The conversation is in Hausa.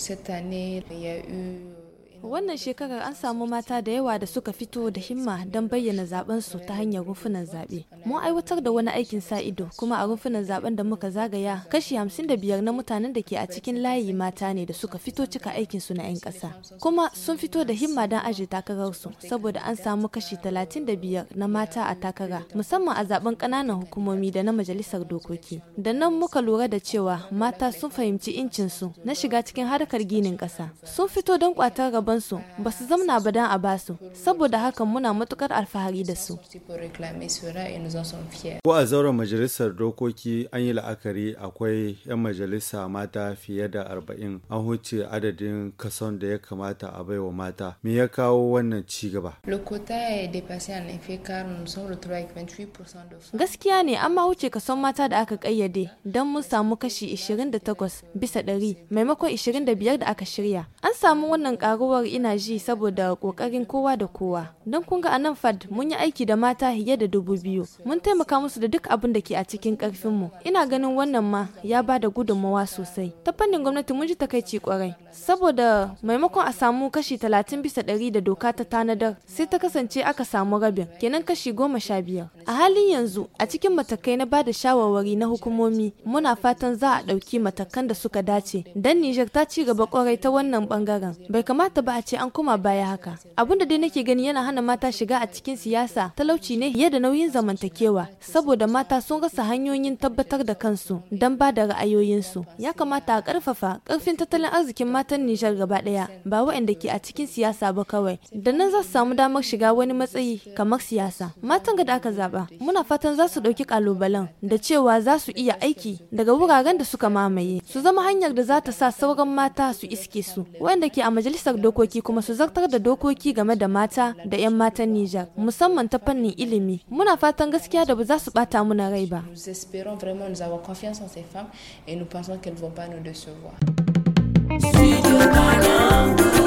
Cette année, il y a eu euh, Wannan shekarar an samu mata da yawa da suka fito da himma don bayyana su ta hanyar rufunan zaɓe. Mun aiwatar da wani aikin sa ido kuma a rufunan zaben da muka zagaya kashi hamsin da biyar na mutanen da ke a cikin layi mata ne da suka fito cika aikin su na 'yan ƙasa. Kuma sun fito da himma don aje takararsu saboda an samu kashi talatin da biyar na mata a takara musamman a zaben ƙananan hukumomi da na majalisar dokoki. Da nan muka lura da cewa mata sun fahimci incin su na shiga cikin harkar ginin ƙasa. Sun fito don kwatar rabon gabansu ba su zamna ba a a basu saboda hakan muna matukar alfahari da su ko a zauren majalisar dokoki an yi la'akari akwai 'yan majalisa mata fiye da arba'in an huce adadin kason da ya kamata a baiwa mata me ya kawo wannan ci gaba gaskiya ne an ma huce kason mata da aka kayyade don mun samu kashi 28 bisa 100 maimakon 25 da aka shirya an samu wannan karuwar kawai ina ji saboda kokarin kowa da kowa. Don kun ga a nan FAD mun yi aiki da mata fiye da dubu biyu. Mun taimaka musu da duk abin da ke a cikin mu Ina ganin wannan ma ya ba da gudunmawa sosai. Ta fannin gwamnati mun ji takaici kwarai. Saboda maimakon a samu kashi talatin bisa ɗari da doka ta tanadar sai ta kasance aka samu rabin kenan kashi goma sha biyar. A halin yanzu a cikin matakai na ba da shawarwari na hukumomi muna fatan za a ɗauki matakan da suka dace. Dan Nijar ta ci gaba kwarai ta wannan bangaren. Bai kamata ba ba a ce an koma baya haka abun da dai nake gani yana hana mata shiga a cikin siyasa talauci ne fiye da nauyin zamantakewa saboda mata sun rasa hanyoyin tabbatar da kansu don ba da ra'ayoyinsu ya kamata a karfafa karfin tattalin arzikin matan nijar gaba daya ba waɗanda ke a cikin siyasa ba kawai da nan za su samu damar shiga wani matsayi kamar siyasa matan da aka zaba muna fatan za su ɗauki kalubalen da cewa za su iya aiki daga wuraren da suka mamaye su zama hanyar da za ta sa sauran mata su iske su waɗanda ke a majalisar dokoki dokoki kuma su zartar da dokoki game da mata da 'yan matan Nijar musamman ta fannin ilimi. Muna fatan gaskiya da ba za su bata muna rai ba. Studio